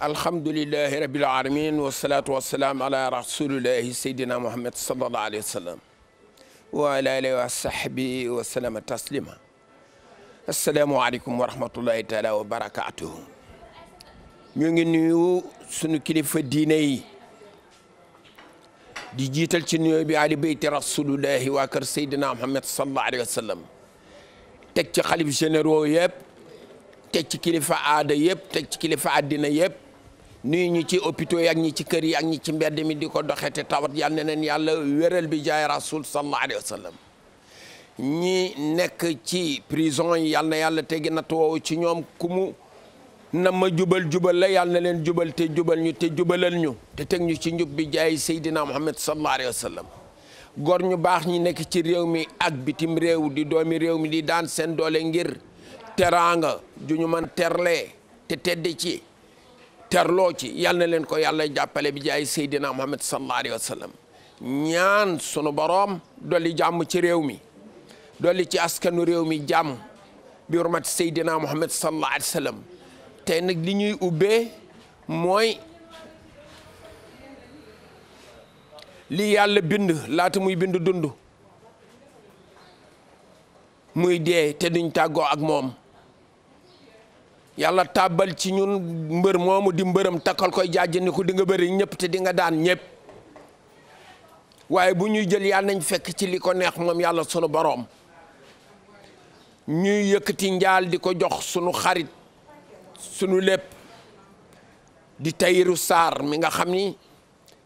alhamdulilahi rabil alamin wasalaatu wasalaam ala rasulillahi saydina muhammad salallahu alayhi wa sallam wa ala alihi wa sahbi wa salama taslima asalaamualeykum wa rahmatullahi taala wa barakatuhu ñu ngi nuyu sunu kilifa diine yi di jiital ci nuyoo bi ali beyti rasulillahi waa kër saydina muhammad salallahu alayhi wa sallam teg ci xalif généraux yëpp teg ci kilifa aada yëpp teg ci kilifa addina yëpp nuyu ñi ci hôpitaux yi ak ñi ci kër yi ñi ci mbedd mi di ko doxee te tawat yal na leen yàlla wéral bi jaay rasul sallallahu alayhi wa ñi nekk ci prison yi yàlla na yàlla teggi natt woowu ci ñoom ku mu na ma jubal jubal la yal na leen jubal te jubal ñu te jubalal ñu te teg ñu ci njub bi jaay Seydina Muhammad sallallahu alayhi wa sallam góor ñu baax ñi nekk ci réew mi ak bitim réew di doomi réew mi di daan seen doole ngir teraanga ju ñu man terlee te tedd ci. terloo ci yal na leen ko yàlla jàppale bi jaay Seydina Muhammad sallallahu alayhi wa sallam ñaan sunu boroom dolli jàmm ci réew mi dolli ci askanu réew mi jàmm bi hurmat Seydina Muhammad sallallahu alayhi wa nag li ñuy ubbee mooy li yàlla bind laata muy bind dund muy dee te duñ tàggoo ak moom yàlla tàbbal ci ñun mbër moomu di mbërëm takkal koy jaajë ni ko di nga bëri ñëpp te dinga daan ñëpp waaye bu ñuy jël yàlla nañ fekk ci li ko neex moom yàlla sunu boroom ñuy yëkkati njaal di ko jox sunu xarit sunu lépp di Tahirou saar mi nga xam ni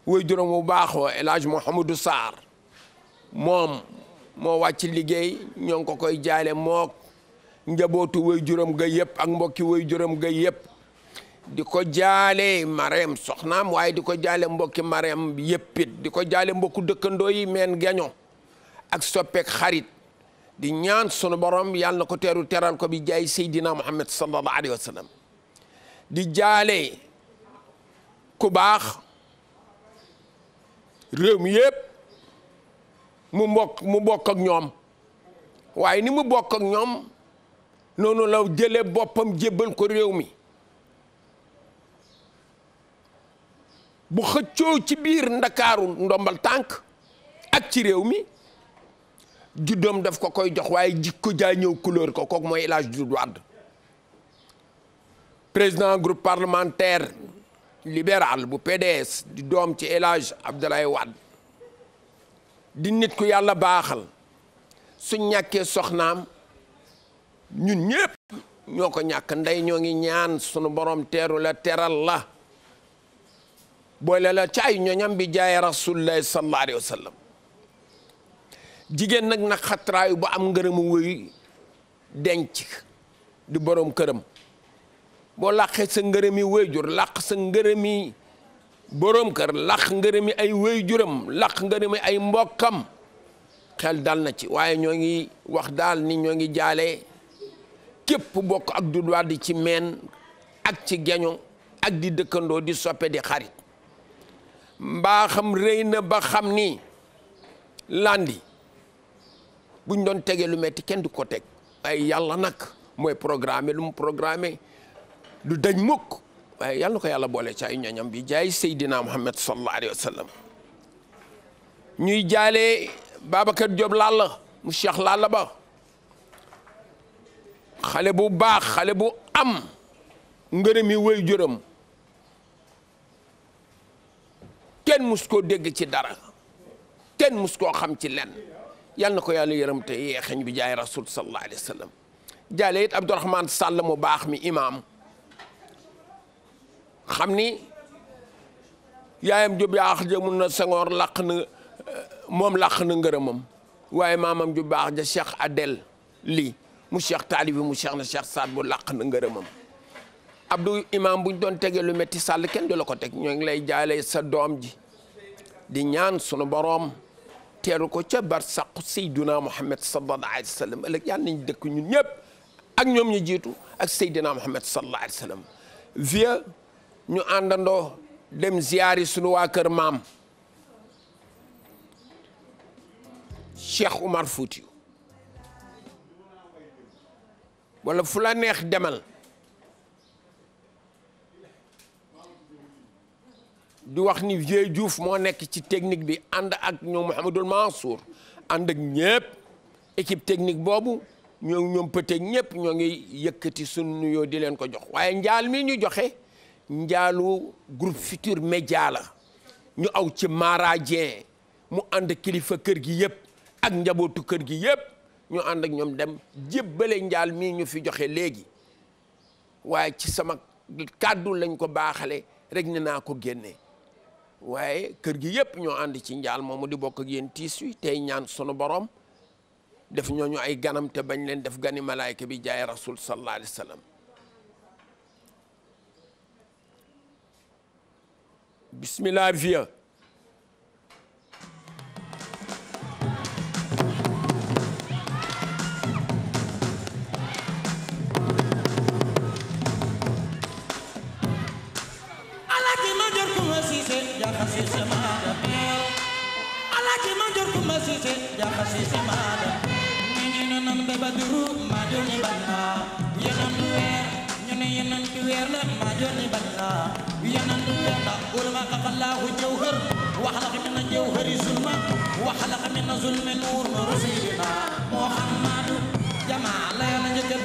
way juróom bu baax wa El Hadj Mouhamadou Sarr moom moo wàcc liggéey ñoo ngi ko koy jaale mook njabootu way juróom ga yëpp ak mbokki way juróom ga yëpp di ko jaale Marème soxnaam waaye di ko jaale mbokki Marème yëppit di ko jaale mbokku dëkkandoo yi meen gaño ak soppeek xarit di ñaan sunu borom yàlla na ko teeru teral ko bi jaay Seydina Muhammad sallallahu alayhi wa sallam di jaale ku baax réew mi mu mbokk mu bokk ak ñoom waaye ni mu bokk ak ñoom noonu la jële boppam jébbal ko réew mi bu xëccoo ci biir ndakaaru ndombal tànk ak ci réew mi juddoom def ko koy jox waaye jikko jaa ñëw couleur ko kooku mooy El Hadj Doudou Wade président groupe parlementaire libéral bu PDS di doom ci El Hadj Abdoulaye Wade di nit ku yàlla baaxal su ñàkkee soxnaam ñun ñëpp ñoo ko ñàkk ndey ñoo ngi ñaan sunu borom teeru la teral la boole la caay ñoñam bi jaay rasulullahi sallallahu alayhi jigéen nag nag xatraayu ba am ngërëmu wuy denc di borom këram boo làqee sa ngërëmi wéyjur làq sa ngërëmi borom kër làq ngërëmi ay wéyjuram làq ngërëmi ay mbokkam xel dal na ci waaye ñoo ngi wax daal ni ñoo ngi jaale képp bokk ak Doudou Wade ci meen ak ci geño ak di dëkkandoo di soppe di xarit mbaaxam rëy na ba xam ni landi buñ doon tegee lu metti kenn du ko teg waaye yàlla nag mooy programme lu mu programme du dañ mukk waaye yàlla ko yàlla boole ci ay ñoñam bi jaay Seydina Muhammad sallallahu alayhi wa ñuy jaalee Babacar Diop Lalla mu Cheikh Lalla ba xale bu baax xale bu am ngërëm yi wëy juram kenn mus koo dégg ci dara kenn mus koo xam ci len yal na ko yàlla yërëm te yeexeñ bi jaay rasul sallallahu alayhi wa sallam jaale it Abdourahmane Sall mu baax mi imaam xam ni yaayam ju baax mun na Senghor làq na moom làq na ngërëmam waaye maamam ju baax ja Cheikh Adel lii mu cheikh taalibi mu cheikh na cheikh saad bu làq na ngërëmam abdou imam buñ doon tegee lu métti sàll kenn du ko teg ñoo ngi lay jaale sa doom ji di ñaan sunu boroom teeru ko ca bar saqu sayduna muhammad sallallahu alayhi wa sallam ëllëg yàlla nañ dëkk ñun ñëpp ak ñoom ñu jiitu ak sayduna muhammad sallallahu alayhi wa sallam vieux ñu àndandoo dem ziyaari sunu waa kër maam cheikh Umar Fouti wala fu la neex demal di wax ni Vieux Diouf moo nekk ci technique bi ànd ak ñoom Mouhamadul Mansour ànd ak ñëpp équipe technique boobu ñoo ñoom pëteg ñëpp ñoo ngi yëkkati sunu nuyoo di leen ko jox waaye njaal mi ñu joxe njaalu groupe Futur Média la ñu aw ci Mara Dieng mu ànd kilifa kër gi yëpp ak njabootu kër gi yëpp ñu ànd ak ñoom dem jébbale njaal mii ñu fi joxe léegi waaye ci sama kàddu lañ ko baaxale rek ne naa ko génne waaye kër gi yëpp ñoo ànd ci njaal moomu di bokk ak yéen tiis wi tey ñaan sunu borom def ñu ay ganam te bañ leen def gani malaayka bi jaay rasul sallallahu alayhi wa sallam bismillah sise jaka sise maada ñu ne yonent ba Badru ma joni balla yonent du weer ñu ne yonent du weer la ma joni balla yonent du weer la ulama kafallahu jawhar wa khalaqa min jawhari zulma wa khalaqa min zulmi nur rasulina Muhammadu jamaa la yonent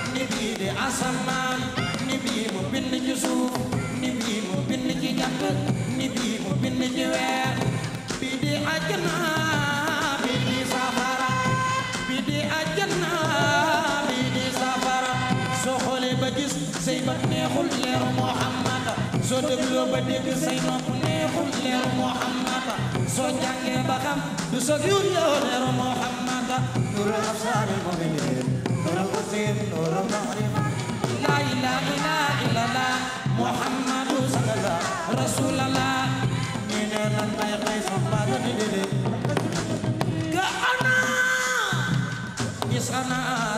ni bii di asamaan ni bii mu bind ci ni bii mu bind ci ni bii mu bind ci bii di àjjana bii di safara bii di àjjana bii di safara soo xoolee ba gis say bët neexul leeru Muhammad soo dégloo ba dégg say nopp neexul leeru Muhammad soo jàngee ba xam du soog yu yow leeru Muhammad nuru absaaril mu'minin sana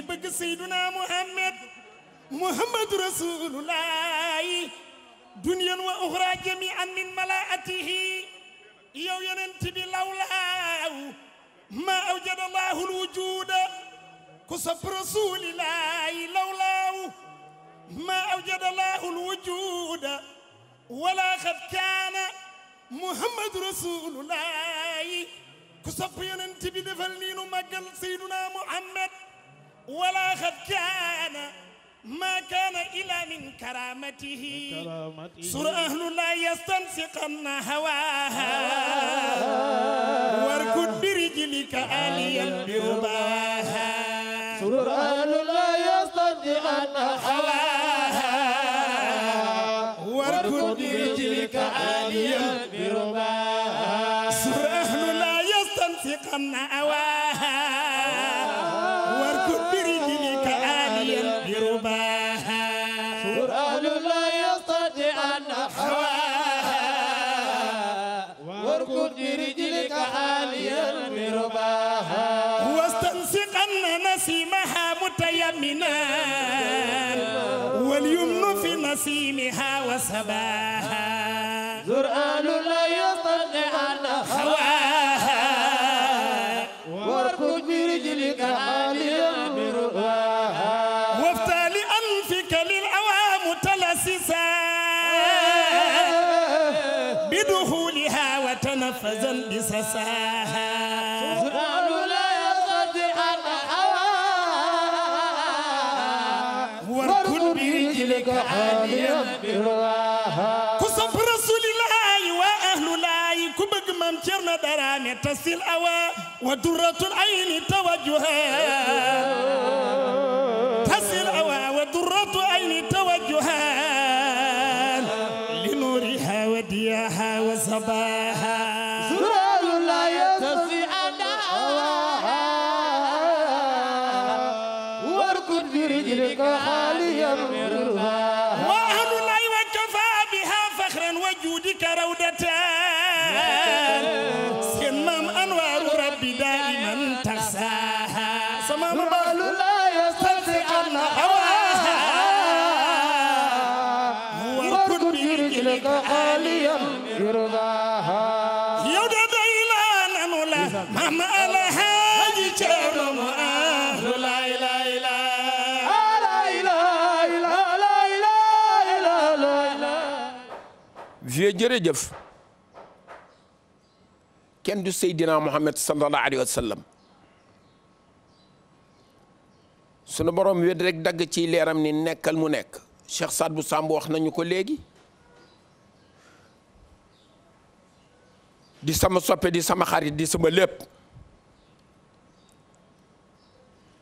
ñi bëgg seyduna muhammad muhammadu rasulullahi dunyan wa uxra jamian min malaatihi yow yonent bi lawlaaw ma awjada allahu alwujuda ku sopp rasulillahi lawlaaw ma awjada allahu alwujuda wala xad kaana muhammadu rasulullahi ku sopp yonent bi defal nii nu màggal seyduna muhammad ولا قد كان ما كان إلا من كرامته سر أهل لا يستنسقن هواها واركض برجلك آليا برباها سر أهل لا يستنسقن هواها واركض برجلك آليا برباها سر أهل لا يستنسقن صباحا زرعا مدران تسي الأوى ودرة العين توجها تسي الأوى ودرة عين توجها لنورها ودياها وصباها زلال لا يتسي أداها واركض برجلك حاليا مرها وأهل الله وكفى بها فخرا وجودك رودتها seen maam anwaaru rabbi daiman taxsaaha sama baalu la yastansi anna hawaaha warkut bi ilka aliyan yurdaaha yow de doy laa nanu la maam alhaaji ceerno mu ahlu laa ilaa ilaa vieux jërëjëf kenn du Seydina Muhammad sallallahu alayhi wa sunu borom wéet rek dagg ci leeram ni nekkal mu nekk Cheikh Saad bu Samb wax nañu ko léegi di sama soppe di sama xarit di sama lépp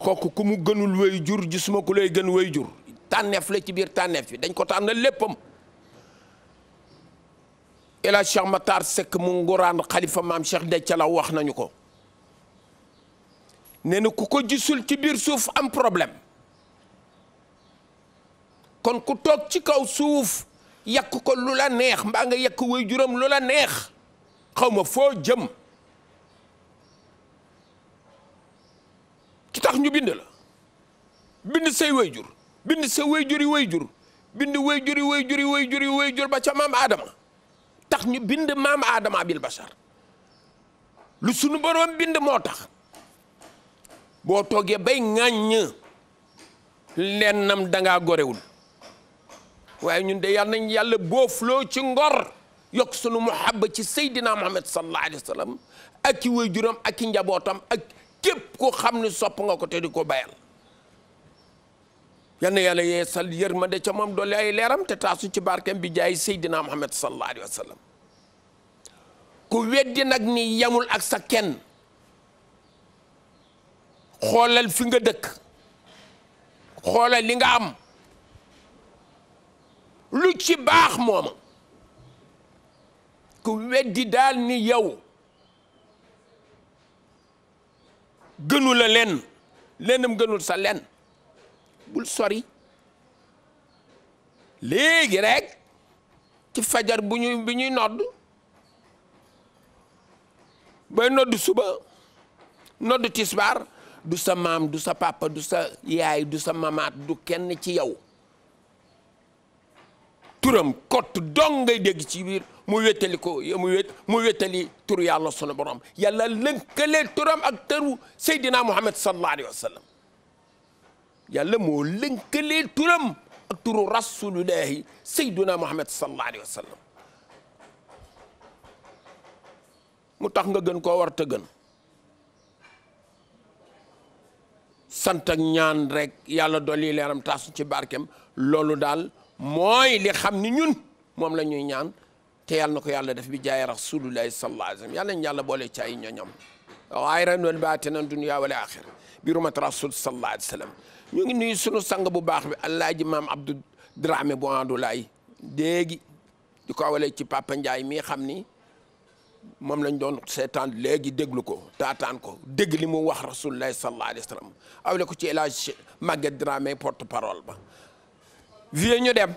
kooku ku mu gënul way jur gisuma ku lay gën way jur tànneef la ci biir tànneef yi dañ ko tànnal léppam El Hadj Cheikh Matar Seck mu nguraan xalifa maam Cheikh Déthié Lô wax nañu ko nee na ku ko gisul ci biir suuf am problème kon ku toog ci kaw suuf yàq ko lu la neex mbaa nga yàq way juróom lu la neex xaw ma foo jëm ki tax ñu bind la bind sey way jur bind sa way juri way jur bind way juri way juri way juri way jur ba ca maam Adama tax ñu bind maam aadama bil bashar lu sunu boroom bind moo tax boo toogee bay ŋàññ lennam danga gorewul waaye ñun de yàlla nañ yàlla boofloo ci ngor yokk sunu muhabba ci seydina muhammad sallallahu alayhi wa sallam ak ci waajuram ak ci njabootam ak képp ko xam ne sopp nga ko te di ko bayal yal na yàlla ma yërmande ca moom doole ay leeram te taasu ci barkeem bi jaay Seydina Muhammad sallallahu alayhi wa sallam ku weddi nag ni yamul ak sa kenn xoolal fi nga dëkk xoolal li nga am lu ci baax mooma ku weddi daal ni yow gënu la lenn lennam gënul sa lenn bul sori léegi rek ci fajar bu ñuy bi ñuy nodd bay nodd suba nodd tisbaar du sa maam du sa papa du sa yaay du sa mamaat du kenn ci yow turam kott dong ngay dégg ci biir mu wétali ko mu wét mu wétali tur yàlla sunu borom yàlla lënkale turam ak tëru Seydina Muhammad sallallahu alayhi wa yàlla moo lënkalee turam ak turu rasulullahi sayduna muhammad sallallahu alayhi wa mu tax nga gën koo war te gën sant ñaan rek yàlla dolli leeram taasu ci barkem loolu daal mooy li xam ni ñun moom la ñuy ñaan te yàlla na ko yàlla def bi jaay rasulullahi sallallahu alayhi wa yàlla nañ boole ci ay ñoñam waaye ren loolu baate nan dunya wala axira bi rumat rasul sallallahu alayhi wa ñu ngi nuyu sunu sang bu baax bi Alaaji maam Abdou Dramé bu Andulaay léegi di ko awalee ci Papa Ndiaye mi xam ni moom lañ doon seetaan léegi déglu ko taataan ko dégg li mu wax rasulullahi sallallahu alayhi wa awale ko ci El Hadj Maguette Dramé porte parole ba vie ñu dem.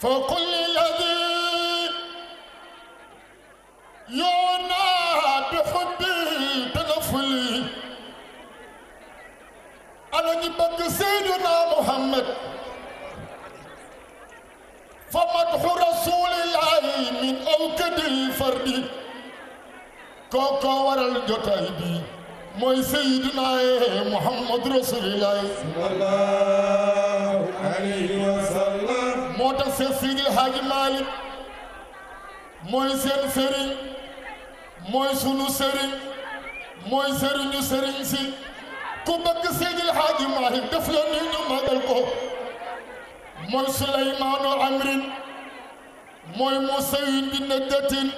فقل للذي يونا بحبي تنفلي أنا جبك سيدنا محمد فمدح رسول الله من أوكد الفرد كوكو ورا الجتاي بي mooy Seydina Muhammad Rasulillah sallallahu alayhi wa sallam moo tax seen Seydi El mooy seen mooy sunu mooy sëriñu sëriñ si ku bëgg Seydi El Hadji Malick def la mooy Souleymane Amrin mooy Moussa Yine bi nekkatin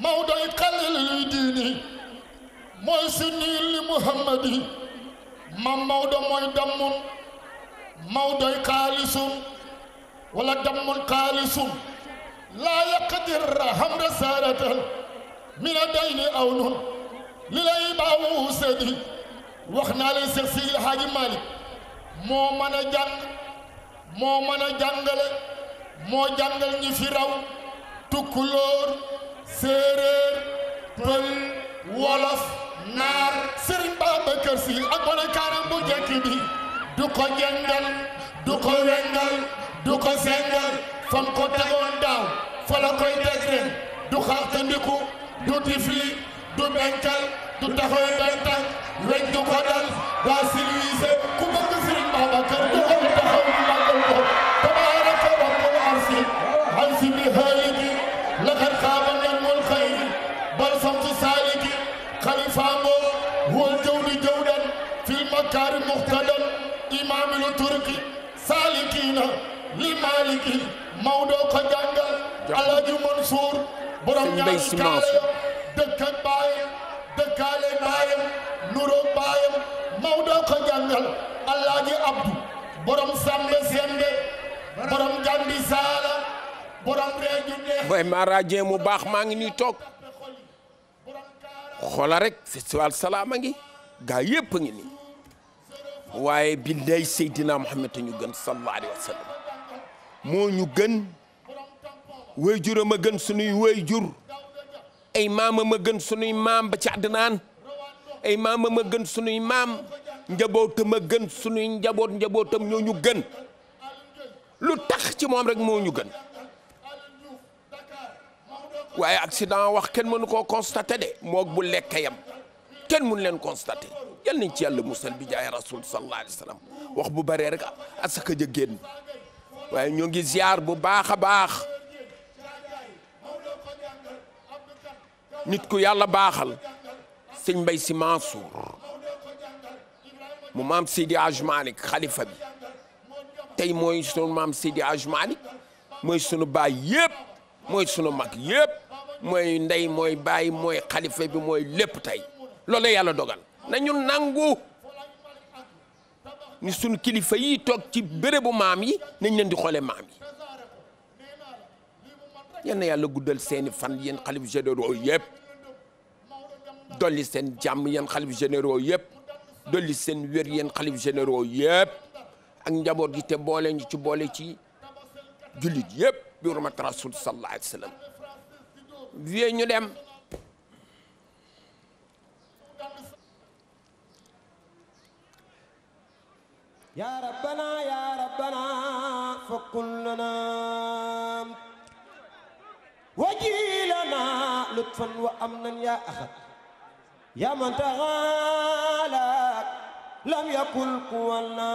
Maodo ay xale la diini. mooy sunni li muhammadi mam mawdo mooy dammun mawdoy xaalisun wala dammun xaalisun laa yaqdir hamra saaratan min a dayni aw nun li lay baawu sedi wax naa leen Seex Sidi Haaji Malick moo mën a jàng moo mën a jàngale moo jàngal ñi raw tukkulóor séeréer pël wolof naar Serigne Babacar Sy ak melokaanam bu njëkk bi du ko jëngal du ko wengal du ko sengal fam ko tegoon daaw fa la koy teg ren du xaxtandiku du tifli du benkal du taxaw benn tànk weñ du ko dal daa silwiise ku bëgg Serigne Babacar lay si Mansour dëkk ak baayam dëkkaale baayam nuróo baayam Maodo ko jàngal Alaaji borom Sàmbe Sembe borom Gàmbi Saala borom Reeju Neex mooy maaraajee mu baax maa ngi nii toog xoola rek festival salaama ngi gaa yëpp a ngi nii waaye bi ndey Seydina Muhammad ñu gën sallallahu alayhi moo ñu gën wéy juram a gën sunuy wéy jur ay maamam a gën sunuy maam ba ci àddinaan ay maam a gën sunuy maam njabootam a gën sunuy njaboot njabootam ñoo ñu gën lu tax ci moom rek moo ñu gën waaye accident wax kenn mënu koo constaté de moog bu lekk yam kenn mënu leen constaté yal nañ ci yàlla musal bi jaay rasul sallallahu wax bu bëree rek asaka ja génn waaye ñoo ngi ziar bu baax baax nit ku yàlla baaxal sëñ Mbay Si Mansour mu maam Seydi Aj Malick xalifa bi tey mooy sunu maam Seydi Aj mooy sunu baa yëpp mooy sunu mag yëpp mooy ndey mooy baay mooy xalifa bi mooy lépp tey loolu yàlla dogal nañu nangu ni sunu kilifa yi toog ci bérébu maam yi nañ leen di xoolee maam yi yal yàlla guddal seeni fan yéen xalif généraux yëpp dolli seen jàmm yéen xalif généraux yëpp dolli seen wér yéen xalif généraux yëpp ak njaboot gi te boole ñu ci boole ci jullit yëpp bi hurmat rasul sallallahu alayhi wa sallam ñu dem ya rabbana ya rabbana fa qul lana وجيلنا لطفا وأمنا يا أخي يا من تغالى لم يكن قوانا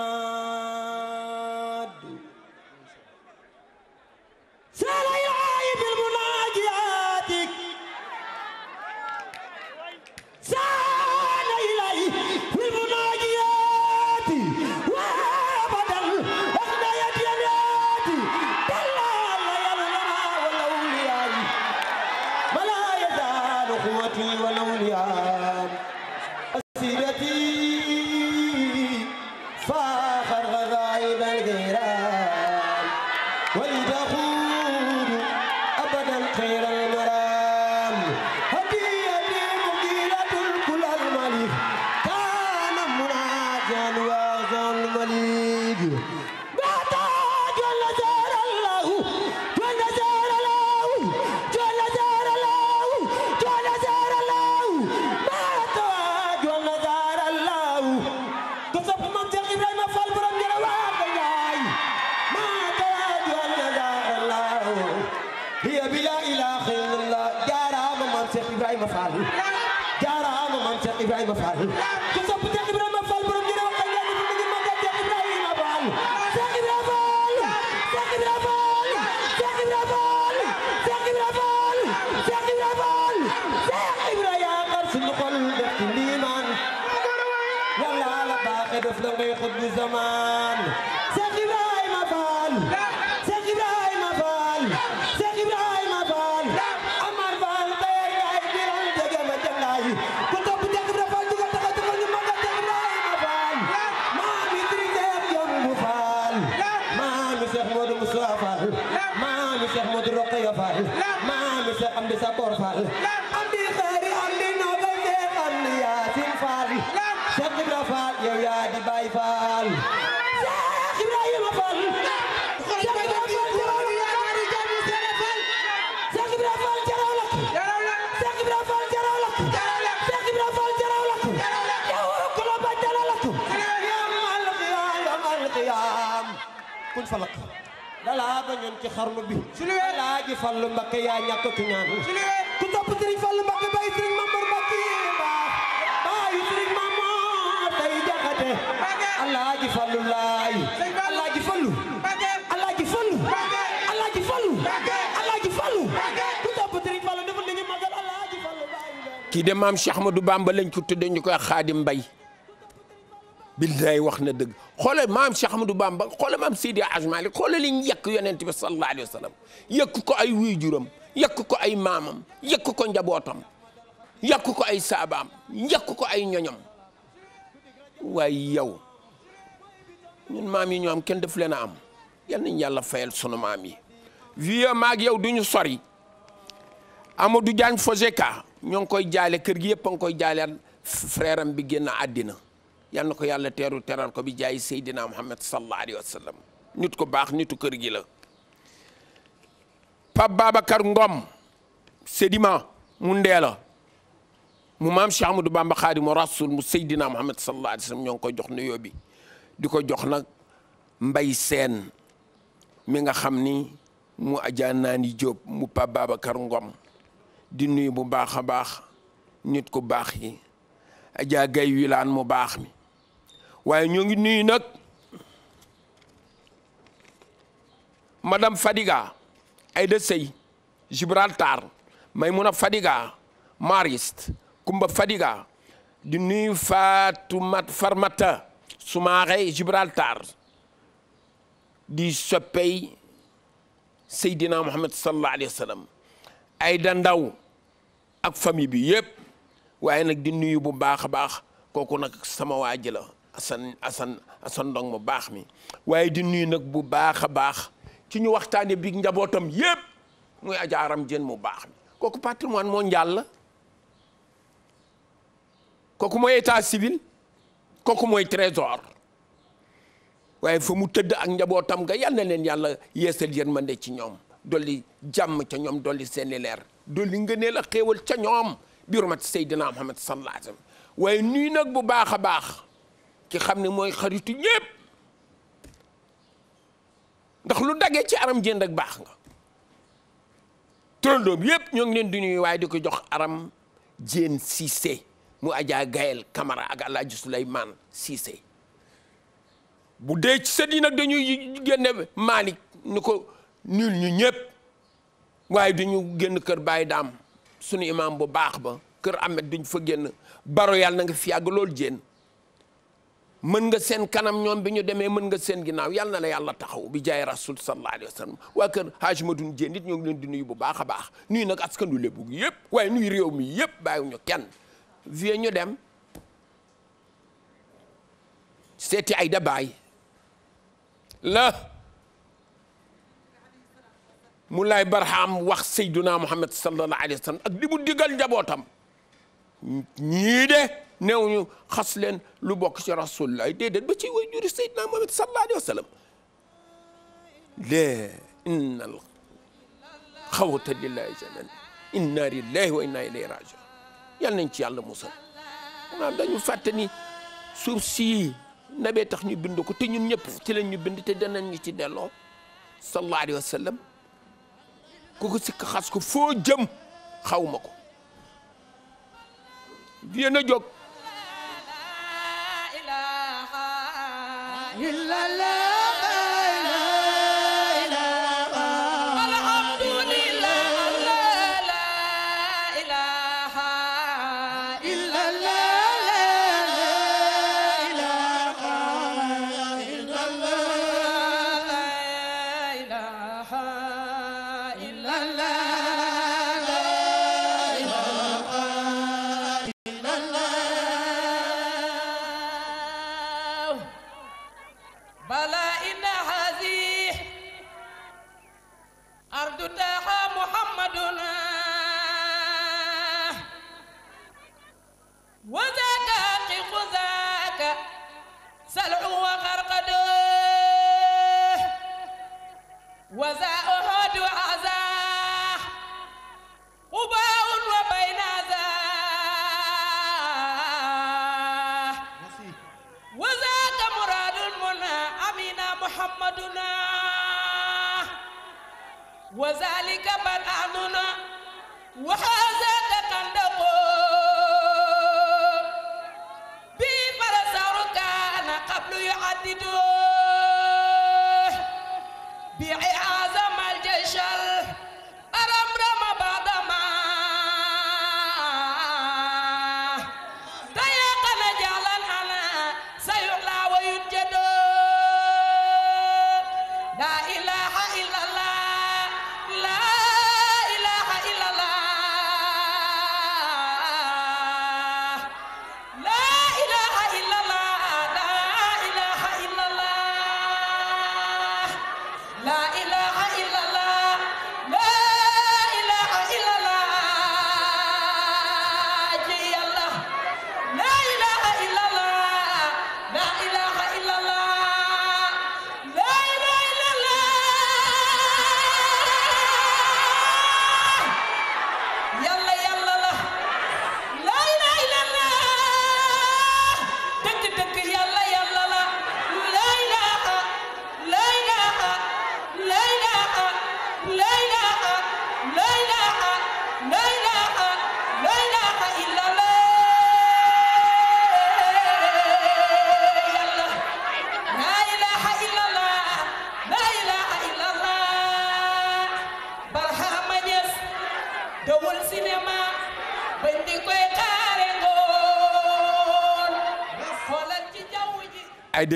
Ibrahima Fall jaaraama maam Cheikh Ibrahima Fall ku sopp Cheikh Ibrahima Fall borom ñu ne wax ak yàlla ñu ngi magal Cheikh Ibrahima Fall Cheikh Ibrahima Fall Cheikh Ibrahima Fall Cheikh Ibrahima Fall Cheikh Ibrahima Fall Cheikh Ibrahima Fall Cheikh Ibrahima yaakaar suñu xol def ci liimaan yàlla la baaxe def la ngay xut bi zamaan xarnu bi alaaji fallu mbakke yaa ñàkk ku ñaan ku topp sëriñ fallu mbakke bay sëriñ mamor mbakke baax baayu sëriñ mamor tay jaxate alaaji fallu laay alaaji fallu alaaji fallu alaaji fallu alaaji fallu ku topp sëriñ fallu defal nañu magal alaaji fallu kii de maam Cheikh Ahmadou Bamba lañ ko tudde ñu koy xaadim mbay billaay wax na dëgg xoolal maam Cheikh Ahmadou Bamba xoolal maam Seydi Hadji Malick xoolal li ñu yekk yonent bi sallallahu alayhi wa sallam yekk ko ay waajuram yekk ko ay maamam yekk ko njabootam yekk ko ay saabaam yekk ko ay ñoñom waaye yow ñun maam yi ñoo am kenn daf leen a am yal nañu yàlla fayal sunu maam yi. vieux maag yow du ñu sori Amadou Diagne Fojeka ñoo ngi koy jaale kër gi yëpp a ngi koy jaale frère bi génn àddina. yal na ko yàlla teeru teral ko bi jaay Seydina Muhammad sallallahu alayhi wa sallam nit ko baax nitu kër gi la Pape Babacar Ngom Sedima mu ndee la mu maam Cheikh Ahmadou Bamba Khadimu Rasul mu Seydina Muhammad sallallahu alayhi wa sallam ñoo ngi koy jox nuyoo bi di ko jox nag mbay seen mi nga xam ni mu ajaa naani Jóob mu Pape Babacar Ngom di nuyu bu baax a baax nit ku baax yi ajaa gay wilaan mu baax mi waaye ñoo ngi nuyu nag madame Fadiga Aïda Sey Gibraltar Maymuna Fadiga Mariste Kumba Fadiga di nuyu Fatoumata Farmata Soumaré Gibraltar di soppey Seydina Muhammad sallallahu alayhi wa sallam Aïda ak famille bi yëpp waaye nag di nuyu bu baax a baax kooku nag sama waa ji la asan asan asan ndong mu baax mi waaye di nuyu nag bu baax a baax ci ñu waxtaane bi njabootam yépp muy ajaaram jën mu baax mi kooku patrimoine mondial la kooku mooy état civil kooku mooy trésor waaye foo mu tëdd ak njabootam nga yal na leen yàlla yeesal yërmande ci ñoom dolli jàmm ca ñoom dolli seeni leer dolli ngëneel a xéewal ca ñoom biiru ma Muhammad sallallahu alayhi waaye nuyu nag bu baax a baax ki xam ne mooy xaritu ñépp ndax lu dagee ci aram jënd ak baax nga turandoom yépp ñoo ngi leen di nuyu waaye di ko jox aram jeen Cissé mu ajaa Gaël kamara ak Alaaji Souleymane Cissé bu dee ci sët yi nag dañuy génne Malick ni ko nul ñu ñëpp waaye dañu génn kër Baye Daam sunu imam bu baax ba kër Ahmed duñ fa génn baro yàlla na nga fi yàgg loolu jéen mën nga seen kanam ñoom bi ñu demee mën nga seen ginnaaw yal na lay yàlla taxaw bi jaay rasul sallallahu alayhi wa sallam waa kër Haaj Madun Jéen it ñoo ngi leen di bu baax a baax nuyu nag askanu Lebu gi yëpp waaye nuyu réew mi yëpp bàyyiwuñu kenn vie ñu dem seeti ay da baay la mu lay barham wax Seyduna Muhammad sallallahu alayhi wa sallam ak di mu digal njabootam ñii de néew ñu xas leen lu bokk ci rasulullah déedéet ba ci way juri sayyidina Muhammad sallallahu wa sallam lee inna lillahi wa inna ilayhi rajiun yal nañ ci yàlla musal naa dañu fàtte ni suuf sii nabee ñu bind ko te ñun ñëpp ci lañ ñu bind te danañ ñu ci delloo sallallahu alayhi wa sallam ku ko sikk xas ko foo jëm xaw ma ko yéen a jóg la la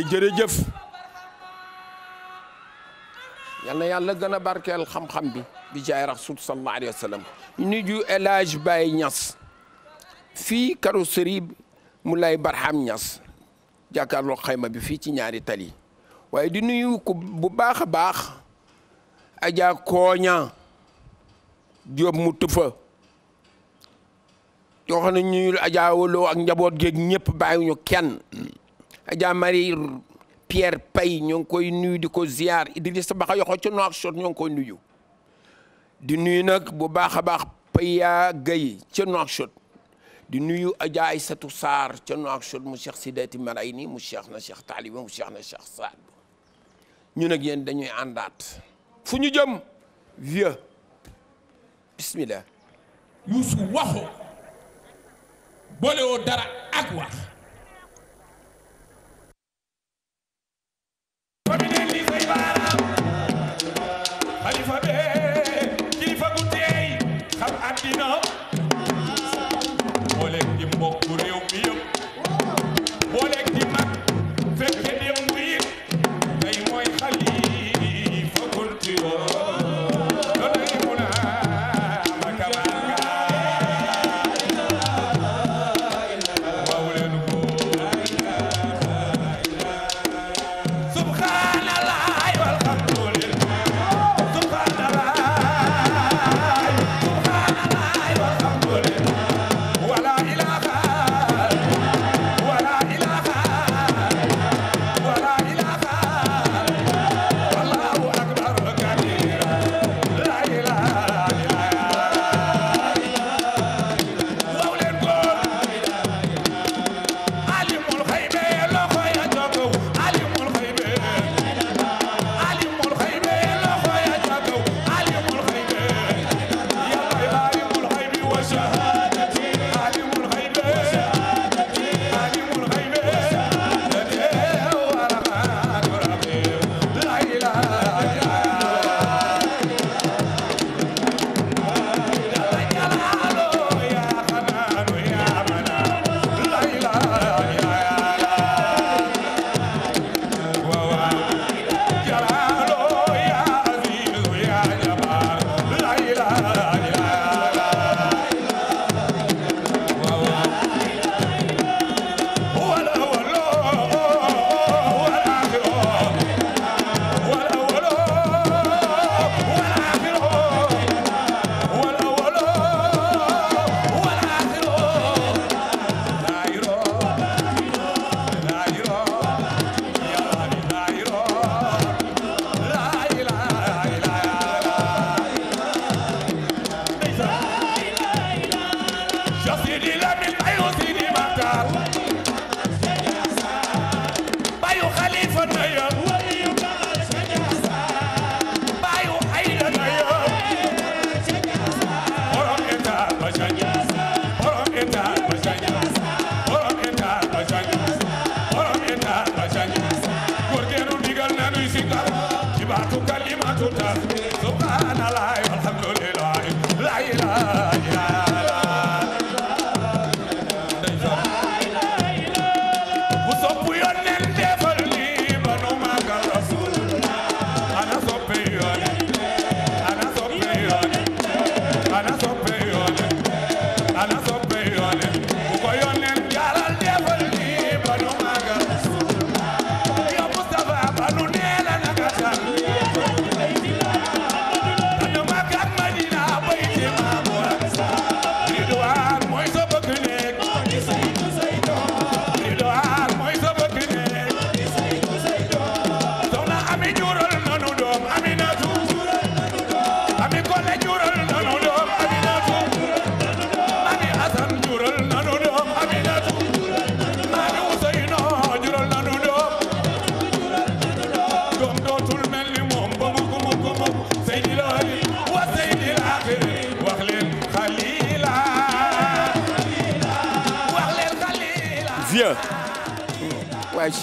Mbacke jërëjëf yal yàlla gën a barkeel xam-xam bi bi jaay rasul sallallahu alayhi wa sallam nuyu El Hadj Baye Niass fii carrosserie Moulay Barham Niass jàkkaarloo xayma bi fii ci ñaari tali waaye di nuyu ko bu baax a baax Adja Koña Diop mu tufa yoo xam ñuyul Adja Wolo ak njaboot géeg ñëpp bàyyiwuñu kenn Adja Marie Pierre Paye ñoo koy nuyu di ko ziar Idrissa Baxa yoxo ci Nouakchott ñoo ngi koy nuyu di nuyu nag bu baax a baax Paya Gueye ca Nouakchott di nuyu Adja Aïssatou Sarr ca Nouakchott mu Cheikh Sidati Marayni mu Cheikh na Cheikh Taliba mu Cheikh na Cheikh Saad ñun ak yéen dañuy àndaat fu ñu jëm vieux bismillah Youssou waxu boolewoo dara ak wax xam àddina moo leen di mbokk réew mi yëpp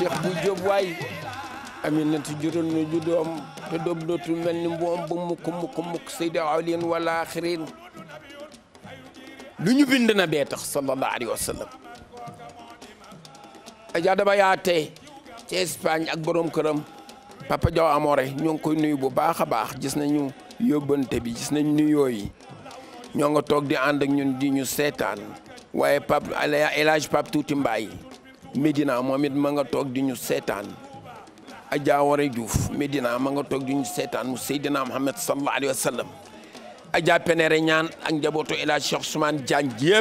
Cheikh bu Jóob waay Aminatu juróon na ju doom te doom mel ni mboom ba mukk mukk mukk sayda awliin wala axirin lu ñu bind na bee tax sallallahu alayhi wa sallam Adja Daba Yaate ci Espagne ak borom këram Papa Diaw Amore ñoo ngi koy nuyu bu baax a baax gis nañu yóbbante bi gis nañ nuyoo yi ñoo nga toog di ànd ñu di ñu seetaan waaye Pape El Hadj Pape Tuuti Mbaye Médina moom it ma nga toog di ñu seetaan Ajaaware Diouf Médina ma nga toog di ñu seetaan mu Seydina Muhammad sallallahu alayhi wa sallam Aja Penere ñaan ak njabootu El Hadj Cheikh Ousmane Diagne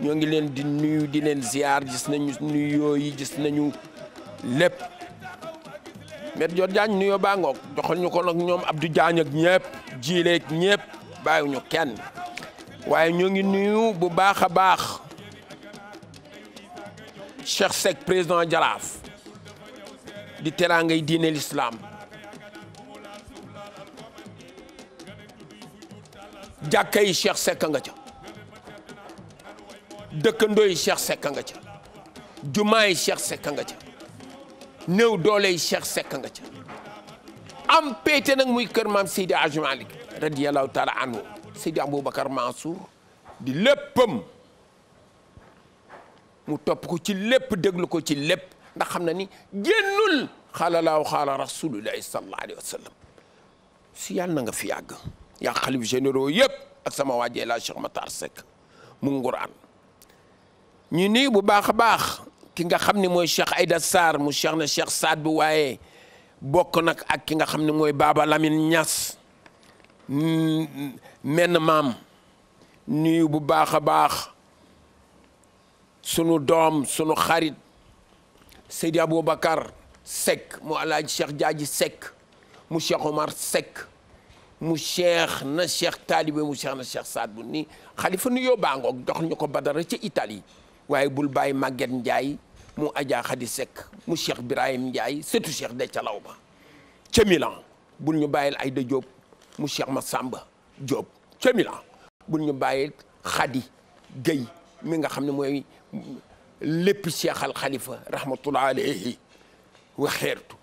ñoo ngi leen di nuyu di leen ziar gis nañu nuyoo yi gis nañu lépp met jot Diagne nuyoo baa ngoog joxal ko nag ñoom Abdou Diagne ak ñëpp jiileeg ñëpp bàyyiwuñu kenn waaye ñoo ngi nuyu bu baax a baax. Cheikh Seck président Jaraaf di teraangay diine l'islam jàkka yi Cheikh Seck nga ca dëkkandoo yi Cheikh Seck nga ca jumaa yi Cheikh Seck nga ca néew doole yi Cheikh Seck nga ca am péete nag muy kër maam Seydi Hadji Malick radiyallahu taala anhu Seydi Aboubacar Mansour di léppam mu topp ko ci lépp déglu ko ci lépp ndax xam na ni génnul xaala laaw xaala rasulullahi sallallahu alayhi wa sallam si yàlla na nga fi yàgg yaa xalif yëpp ak sama waajee laa Cheikh Matar Seck mu nguraan ñu nii bu baax a baax ki nga xam ni mooy Cheikh Aïda Sarr mu Cheikh na Cheikh Saad bu waaye bokk nag ak ki nga xam ne mooy Baba Lamine mm, mm, menn maam nuyu bu baax a baax sunu doom sunu xarit Seydi Aboubacar sek mu Alaaji Cheikh Jaaji Seck mu Cheikh Omar sek mu Cheikh na Cheikh Talibe mu Cheikh na Cheikh Saad bu ni xalifa nu yoo baangoog dox ñu ko Badara ca Italie waaye bul bàyyi Maguette Ndiaye mu Adja Khadi Seck mu Cheikh Birahim Ndiaye surtout Cheikh Déthié Lawba ca Milan bul ñu bàyyil Aïda Diop mu Cheikh Massamba Diop ca Milan bul ñu bàyyil Khadi Guèye mi nga xam ne mooy lépp Cheikh Al Khalifa rahmatullah alayhi wa xeertu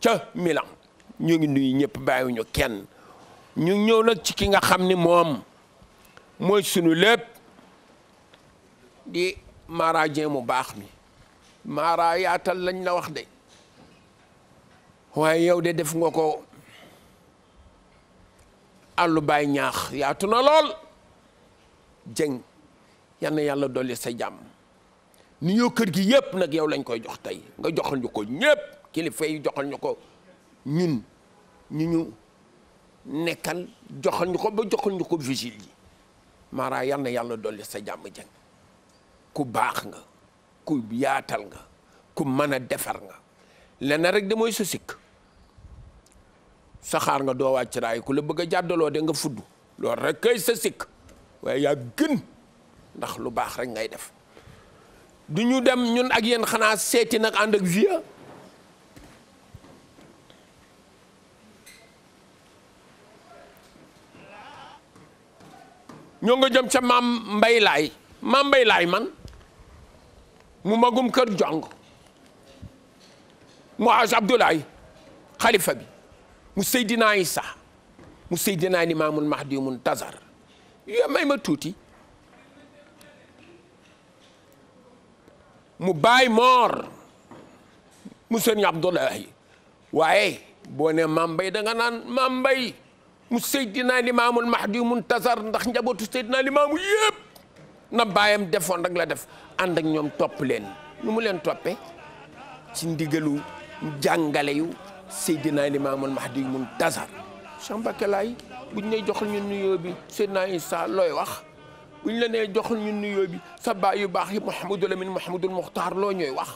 ca Milan ñu ngi nuyu ñëpp bàyyiwuñu kenn ñu ñëw nag ci ki nga xam ni moom mooy sunu lépp di maaraajee mu baax mi maara yaatal lañ la wax de waaye yow de def nga ko àllu baay ñaax yaatu na lool jëng yan na yàlla dolli sa jàmm ni ñoo kër gi yëpp nag yow lañ koy jox tey nga joxal ñu ko ñëpp kilifa joxal ñu ko ñun ñu ñu nekkal joxal ñu ko ba joxal ñu ko vigile yi Mara yal na yàlla dolli sa jàmm jàng ku baax nga ku yaatal nga ku mën a defar nga lenn rek de mooy sa sikk saxaar nga doo wàcc raay ku la bëgg a jàddaloo de nga fudd lool rek kay sa sikk waaye yaa gën ndax lu baax rek ngay def du ñu dem ñun ak yéen xanaa seeti nag ànd ak vieux ñoo nga jëm ca maam mbay laay maam mbay man mu magum kër jong mu aj abdoulaye xalifa bi mu seydinaa isa mu seydinaa ni maamul mahdi mun tazar yo may ma tuuti mu baay moor mu sëriñ Abdoulahi waaye boo ne maam mbay da nga naan maam mbay mu Seydina Limaamul Mahdi Muntazar ndax njabootu Seydina Limaamu yëpp na baayam defoon rek la def ànd ak ñoom topp leen nu mu leen toppee ci ndigalu jàngale yu Seydina Limaamul Mahdi Muntazar Cheikh Mbacké Laay buñ ne jox ñun nuyoo bi Seydina Isa looy wax bu ñu la nee joxul ñu nuyoo bi sa baay yu baax yi Mouhamadul Amin Mouhamadul Mokhtar loo ñooy wax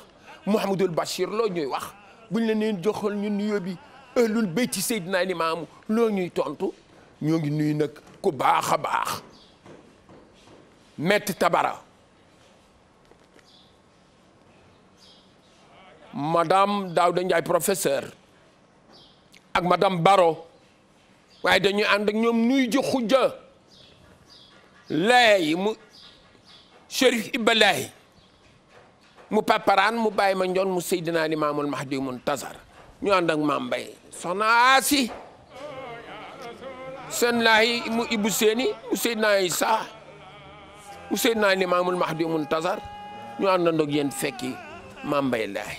Mouhamadul Bachir loo ñooy wax bu ñu la nee joxul ñu nuyoo bi ahlul bayti Seydina Limaamu loo ñuy tontu ñoo ngi nuyu nag ku baax a baax metti tabara madame Daouda Ndiaye professeur ak madam Baro waaye dañuy ànd ak ñoom nuy ji xujja laaya yi mu Chérif Iba Laay mu paparaan mu bàyyi ma njoon mu Seydina Limaamul Mahdi Muntazar ñu ànd ak maam Mbaye soxna Asi seen laay mu Ibu Seeni mu Seydina Isa mu Seydina Limaamul Mahdi Muntazar ñu àndandoo ak yéen fekki maam Mbaye laay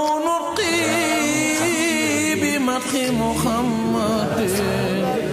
نقي بمدح محمد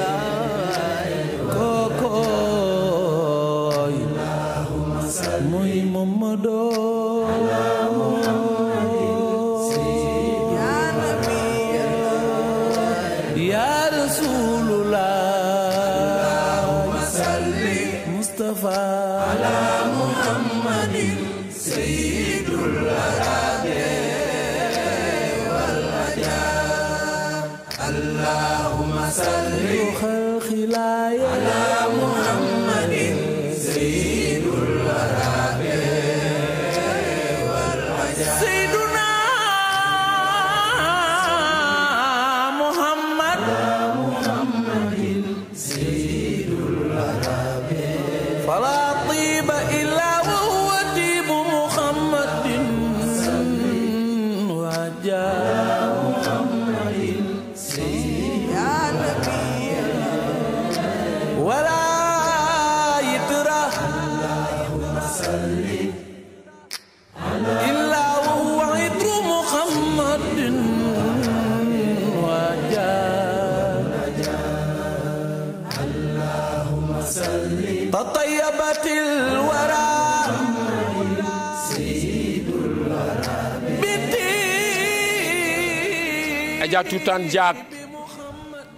Adja Tuutaan Jaag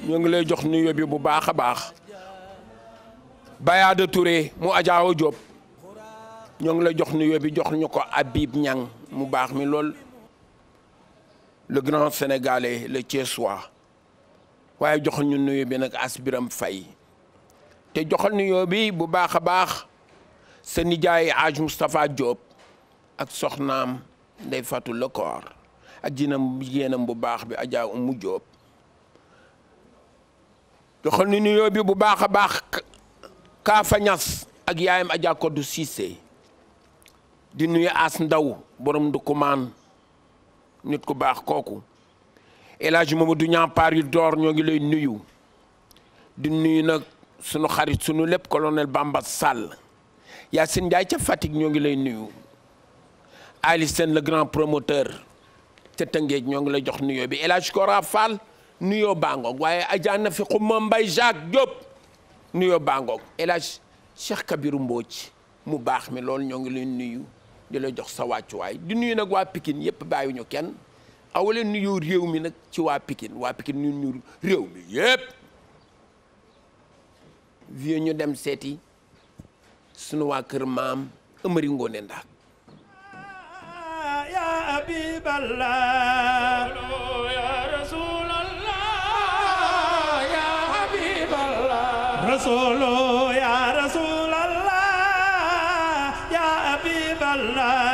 ñoo ngi lay jox nuyoo bi bu baax a baax Bayaada Touré mu Adja Awa ñoo ngi lay jox nuyoo bi jox ñu ko Habib Niang mu baax mi lool le grand sénégalais le Thiessois waaye jox ñu nuyoo bi nag Asbiram fay te joxal nuyoo bi bu baax a baax sa nijaay Aj Moustapha Diop ak soxnaam Ndey Fatou Lekor ak jinam jigéenam bu baax bi Adja Umu Jóob joxal ni nuyoo bi bu baax a baax Kaafa Ñas ak yaayam Adja Koddu Siise di nuyu As Ndaw borom du kumaan nit ku baax kooku El Hadj Mamadou ñampaar yu door ñoo ngi lay nuyu di nuyu nag sunu xarit sunu lépp colonel Bamba Sall Yacine Ndiaye ca Fatick ñoo ngi lay nuyu Ali seen le grand promoteur te Tëngéej ñoo ngi la jox nuyoo bi El Hadj Kora Fall nuyoo Bangoog waaye Adja Nafi Xuma Mbay Jacques Diop nuyo Bangoog El Hadj Cheikh Kabiru Mbodj mu baax mi loolu ñoo ngi leen nuyu di la jox sa wàccuwaay di nuyu nag waa Pikine yëpp bàyyiwuñu kenn awale nuyoo réew mi nag ci waa pikin waa Pikine ñu nuyu réew mi yëpp. vieux ñu dem seeti sunu waa kër maam Amari Ngoone Ndak. يا أبيب الله يا رسول الله يا حبيب الله رسول يا رسول الله يا أبيب الله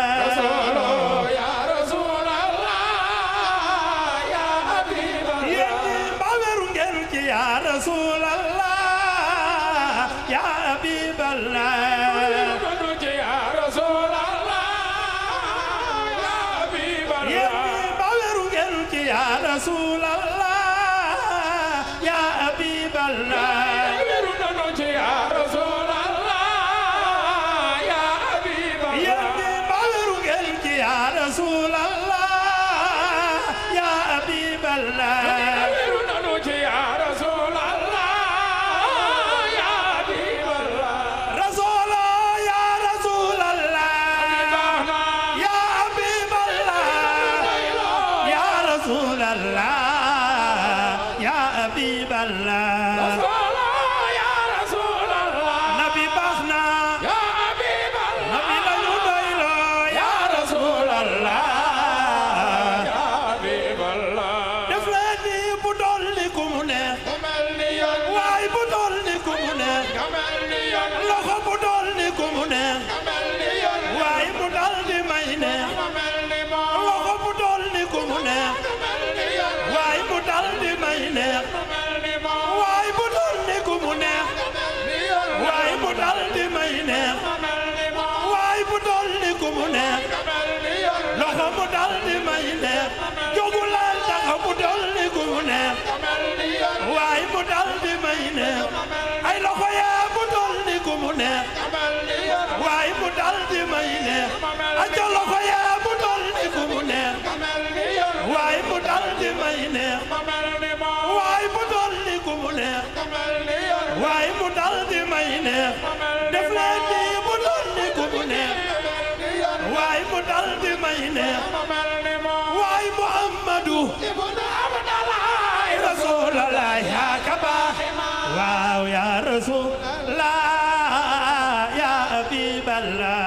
di neex def leen nii mu doon ni ku mu neex waaye mu dal di may neex waaye Muhammadu ibnu Abdallah Rasulallah yaa ka baax waaw yaa Rasulallah yaa Habiballah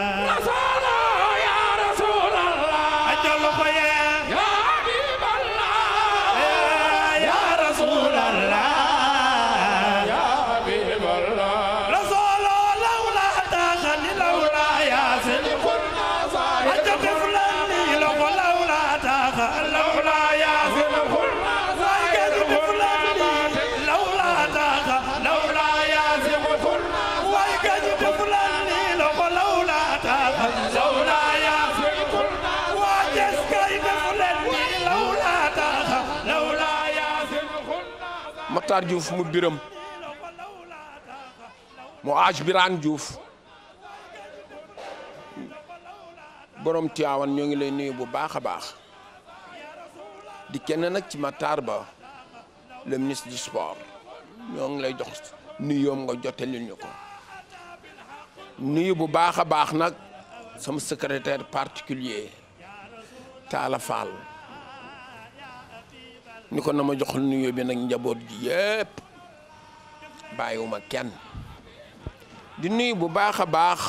Makhtar Diouf mu biram mu aaj biraan juuf borom Tiwaawan ñoo ngi lay nuyu bu baax a baax di kenn nag ci Makhtar Ba le ministre sport ñoo ngi lay jox nuyoom nga ko nuyu bu baax a baax nag sama secrétaire particulier Talla Fall ni ko na ma jox nuyoo bi nag njaboot ji yëpp bàyyiwuma kenn di nuyu bu baax a baax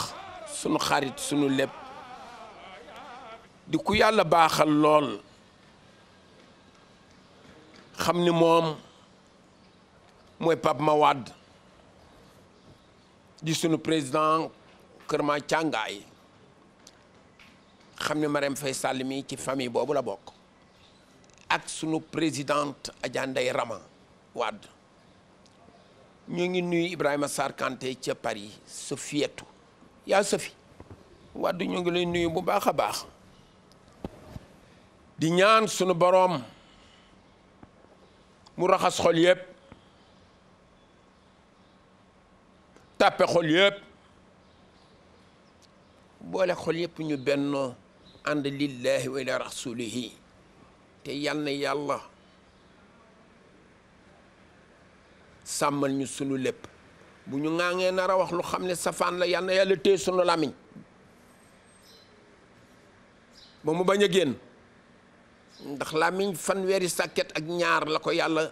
sunu xarit sunu lépp di ku yàlla baaxal lool xam ni moom mooy ma wàdd di sunu président Kër Ma Càngaay xam ni Marème fay Sall mi ci famille boobu la bokk ak sunu présidente Adja Ndeye Rama Wade ñu ngi nuyu Ibrahima Sarr Kanté ca Paris Sofietu yaa Sofi Wade ñu ngi lay nuyu bu baax a baax di ñaan sunu boroom mu raxas xol yépp tàppe xol yépp boole xol yépp ñu bennoo ànd lillahi wa ila rasulihi te yal yàlla sàmmal ñu sunu lépp bu ñu ŋaangee nar a wax lu xam ne safaan la yàlla téye sunu làmmiñ ba mu bañ a génn ndax làmmiñ fanweeri sàkket ak ñaar la ko yàlla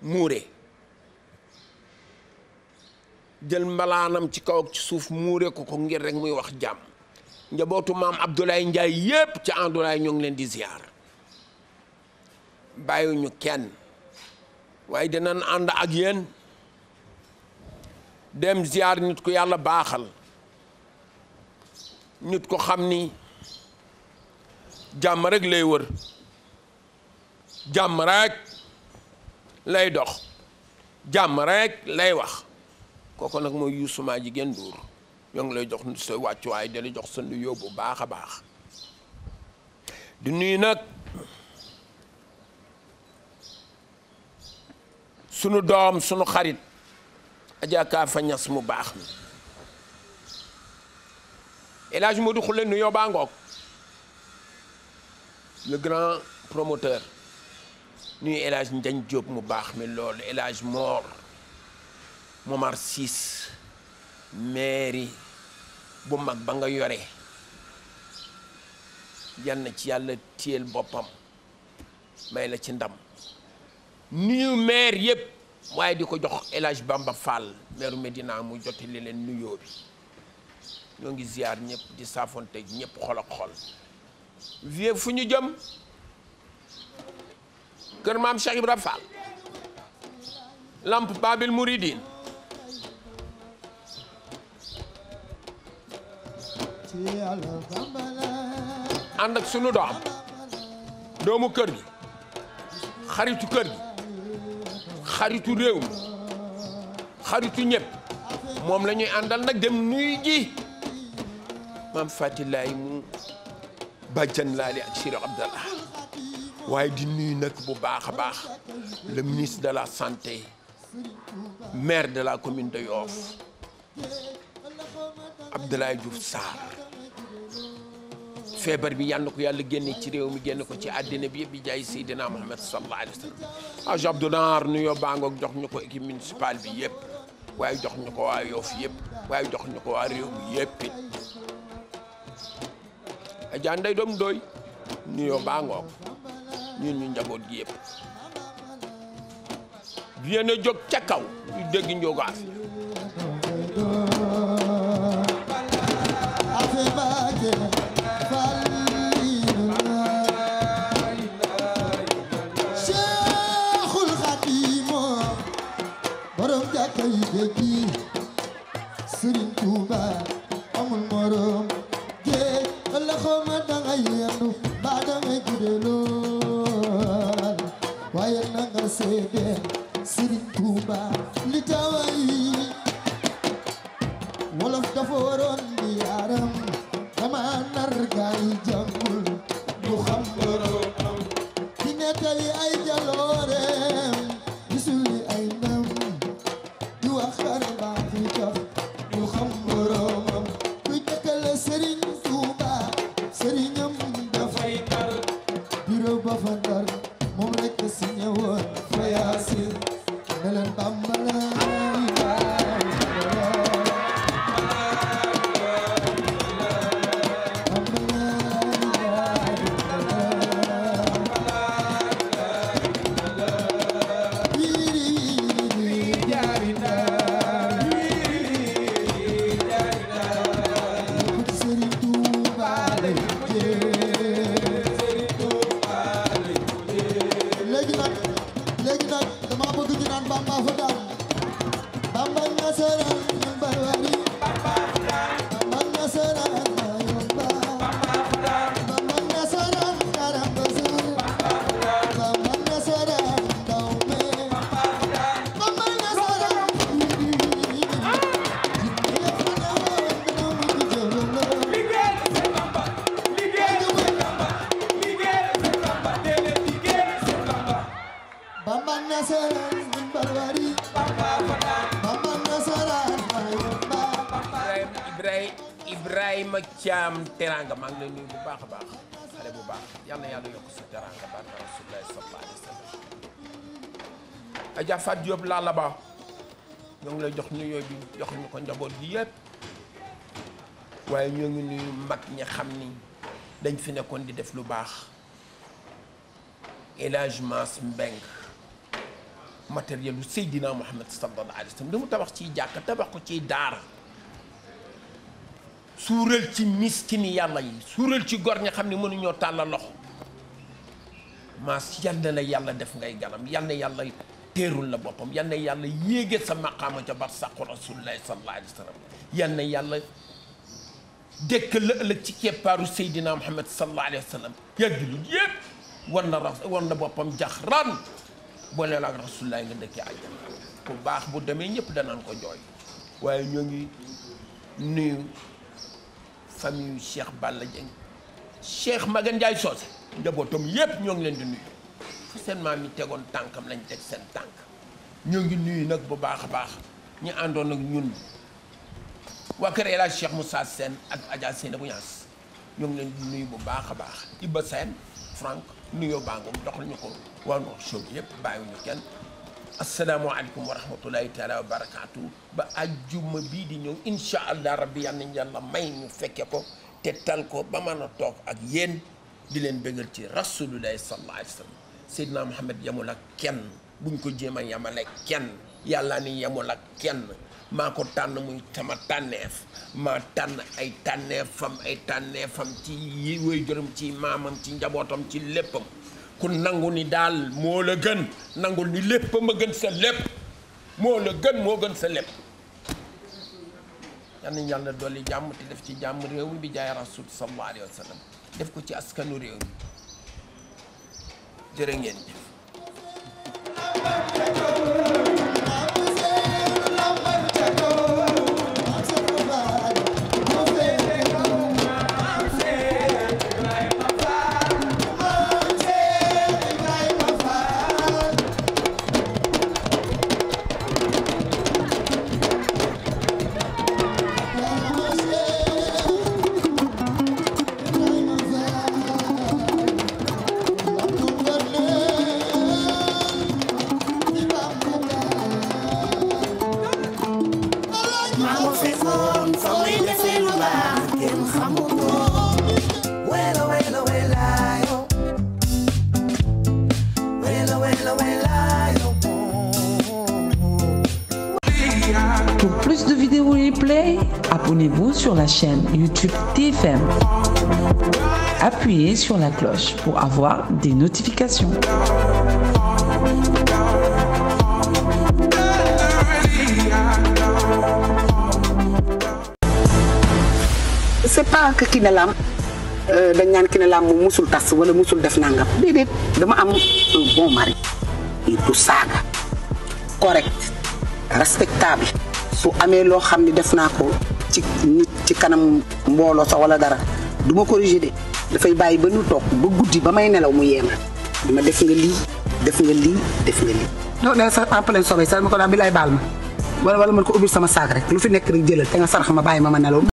muure jël mbalaanam ci kaw ak ci suuf muure ko ko ngir rek muy wax jàmm njabootu maam Abdoulaye Ndiaye yépp ca Andoulaye ñoo ngi leen di ziar bàyyiwuñu kenn waaye dinañ ànd ak yéen dem ziar nit ku yàlla baaxal nit ko xam ni jàmm rek lay wër jàmm rek lay dox jàmm rek lay wax kooku nag mooy yuusumaa jigéen duur ñoo ngi lay jox sa wàccuwaay dala jox sa nuyoo bu baax a baax di nuyu sunu doom sunu xarit ajakaa fa ñas mu baax mi El Hadj Modou Khoule nuyoo baa ngoog le grand promoteur nuyu El Hadj Ndiagne mu baax mi lool El Hadj Mor Momar Ciss mairie bu mag ba nga yore yal na ci yàlla téyel boppam may la ci ndam nuyu maire yëpp waaye di ko jox El Hadj Bamba Fall maire Medina mu jotali leen nuyoo bi ñoo ngi ziar ñëpp di saafonte ñëpp xol ak xol. vieux fu ñu jëm kër maam Cheikh Ibra lamp Babil Mouridine ànd ak sunu doom doomu kër gi xaritu kër gi xaritu réew mi xaritu ñëpp moom lañuy àndal nag dem nuy ji maam Fati laay mu bàjjan laali ak Chiré Abdallah waaye di nuyu nag bu baax a baax le de la santé maire de la commune de Yoff Abdoulaye Diouf Sarr feebar bi yàlla na ko yàlla génne ci réew mi génne ko ci àddina bi yëpp bi jaay Seydina Muhammad sallallahu alayhi wa sallam ah Job Donar nuyoo baangoog jox ñu ko équipe municipale bi yëpp waaye jox ñu ko waa Yoff yëpp waaye jox ñu ko waa réew mi yëpp it Adja Ndeye Dom Doy nuyoo baangoog ñu njaboot ca kaw tayibe gi Serigne Touba amul morom géej ëllëg ma dangay yendu mbaa dangay gude lool waaye nanga seede Serigne Touba li taway wolof dafa waroon di yaaram dama nar gaay jàngul du xam borom di nettali ay jaloorem Adja Fat Diop ñoo ngi lay jox nuyoo bi jox ñu ko njaboot yi yëpp waaye ñoo ngi nuyu mag ña xam ni dañ fi nekkoon di def lu baax élagement mbeng matériel lu Seydina Muhammad sallallahu alayhi wa sallam li mu tabax ciy jàkk tabax ko ciy daara suural ci miskini yàlla yi suural ci gor ñi xam ni mënuñoo tàllal loxo maas yal na la yàlla def ngay ganam yàlla na yàlla teerul la boppam yal na yàlla yéege sa maqaama ca bar sàqu rasulullahi sallallahu alayhi wa sallam yal na yàlla dekk la ëllëg ci keppaaru Seydina Muhammad sallallahu alayhi wa sallam yàggilul yépp war na ra war na boppam jaxraan booleel ak rasulullahi nga dëkkee àjjana baax bu demee ñëpp danan ko jooy waaye ñoo ngi nuyu famille Cheikh Balla Dieng Cheikh Magan Ndiaye Socé njabootam yépp ñoo ngi leen di nuyu fu seen maam yi tegoon tànkam lañu teg seen tànk ñoo ngi nuyu nag bu baax a baax ñu àndoon ak ñun waa kër El Hadj Cheikh Moussa Sène ak Adja Seynabou Niass ñoo ngi leen di nuyu bu baax a baax Iba Sène Franck nuyoo bàngoom doxal ñu ko waa Noor Show yépp bàyyiwuñu kenn asalaamaaleykum wa rahmatulahi taala wa barakaatu ba juma bii di ñëw incha allah rabbi yal nañu yàlla may ñu fekke ko te tal ko ba mën a toog ak yéen di leen bëggal ci rasulullahi sallallahu alayhi wa sallam Seydina Mohamed yemul ak kenn buñ ko jéem a yemale kenn yàlla ni yemul ak kenn maa ko tànn muy sama tànneef maa tànn ay tànneefam ay tànneefam ci yi way juróom ci maamam ci njabootam ci léppam ku nangu ni daal moo la gën nangul ni léppam a gën sa lépp moo la gën moo gën sa lépp yal nañu yàlla dolli jàmm te def ci jàmm réew mi bi jaay rasul sallallahu alayhi wa def ko ci askanu réew mi jërë ngeen jëf la chaîne YouTube TFM. Appuyez sur c'est pas que Kiné Lam euh, dañ naan Kiné Lam moom musul tas wala musul def nangam déedéet dama am un bon mari du saaga correct respectable su amee loo xam ne def naa ko ci nit ci kanam mbooloo sax wala dara du ma corriger de dafay bàyyi ba nu toog ba guddi ba may nelaw mu yéema ma def nga lii def nga lii def nga lii. non nee na sax en plein sommeil sax ma ko naan bi lay baal ma wala wala man ko ubbi sama saag rek lu fi nekk rek jëlal te nga sarax ma bàyyi ma ma nelaw.